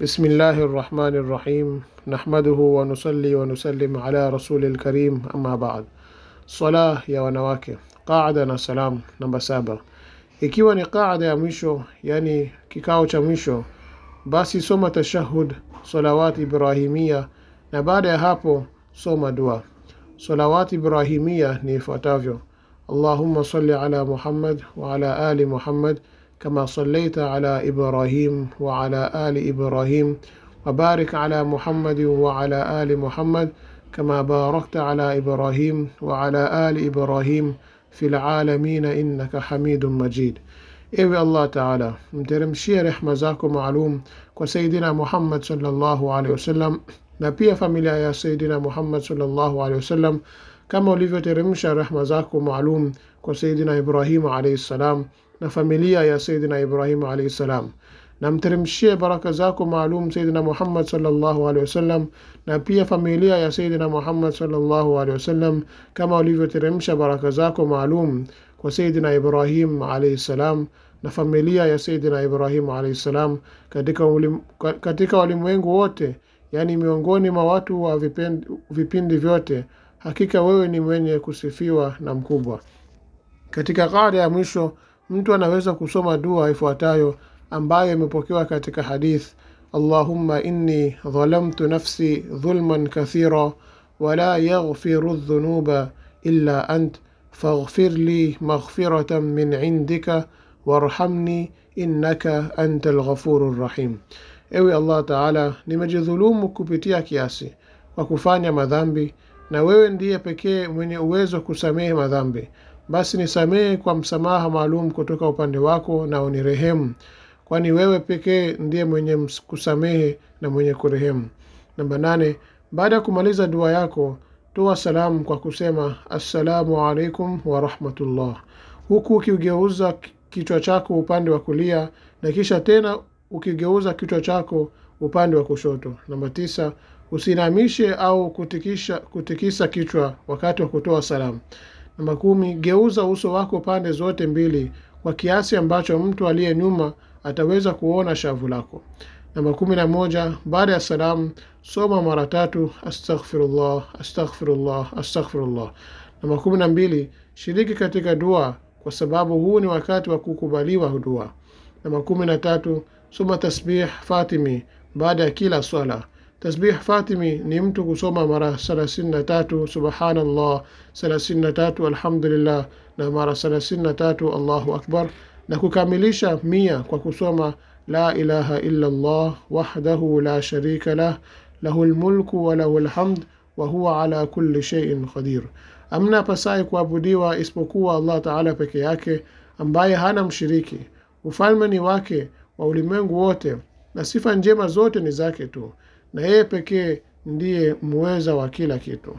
بسم الله الرحمن الرحيم نحمده ونصلي ونسلم على رسول الكريم أما بعد صلاة يا ونواك قاعدة سلام نمبا سابا إكيوا قاعدة يا ميشو يعني كيكاو تشاميشو باسي سوما تشهد صلوات إبراهيمية نبادة هابو سوما دعاء صلوات إبراهيمية نيفو اللهم صل على محمد وعلى آل محمد كما صليت على ابراهيم وعلى ال ابراهيم وبارك على محمد وعلى ال محمد كما باركت على ابراهيم وعلى ال ابراهيم في العالمين انك حميد مجيد ايوه الله تعالى مترم شير احمزاكو معلوم وسيدنا محمد صلى الله عليه وسلم نبي فاميليا يا سيدنا محمد صلى الله عليه وسلم كما ولفت رمشا رحمزاكو معلوم وسيدنا ابراهيم عليه السلام na familia ya Sayyidina Ibrahim alayhi salam na mteremshie baraka zako maalum Sayyidina Muhammad sallallahu alayhi wasallam na pia familia ya Sayyidina Muhammad sallallahu alayhi wasallam kama ulivyoteremsha baraka zako maalum kwa Sayyidina Ibrahim alaihi salam na familia ya Sayyidina Ibrahim alayhi salam katika ulim, katika walimwengu wote yani miongoni mwa watu wa vipindi, vipindi vyote hakika wewe ni mwenye kusifiwa na mkubwa katika kada ya mwisho Mtu anaweza kusoma dua ifuatayo ambayo imepokewa katika hadith: Allahumma inni dhalamtu nafsi dhulman kathira wala yaghfiru dhunuba illa ant faghfir li maghfiratan min indika warhamni innaka anta lghafuru rrahim, ewe Allah Taala, nimejidhulumu kupitia kiasi kwa kufanya madhambi, na wewe ndiye pekee mwenye uwezo kusamehe madhambi basi nisamehe kwa msamaha maalum kutoka upande wako na unirehemu kwani wewe pekee ndiye mwenye kusamehe na mwenye kurehemu namba nane baada ya kumaliza dua yako toa salamu kwa kusema assalamu alaikum warahmatullah huku ukigeuza kichwa chako upande wa kulia na kisha tena ukigeuza kichwa chako upande wa kushoto namba tisa usinamishe au kutikisha kutikisa kichwa wakati wa kutoa salamu Namba kumi, geuza uso wako pande zote mbili kwa kiasi ambacho mtu aliye nyuma ataweza kuona shavu lako. Namba kumi na moja, baada ya salamu soma mara tatu astaghfirullah, astaghfirullah, astaghfirullah. Namba kumi na mbili, shiriki katika dua kwa sababu huu ni wakati wa kukubaliwa dua. Namba kumi na tatu, soma tasbih Fatimi baada ya kila swala. Tasbih Fatimi ni mtu kusoma mara 33 subhanallah, 33 alhamdulillah na mara 33 Allahu akbar, na kukamilisha mia kwa kusoma la ilaha illa Allah wahdahu la sharika lah lahu lmulku wa lahul hamd wa huwa ala kulli shay'in qadir. Amna pasaye kuabudiwa isipokuwa Allah Taala peke yake, ambaye hana mshiriki, ufalme ni wake wa ulimwengu wote na sifa njema zote ni zake tu, na yeye pekee ndiye muweza wa kila kitu.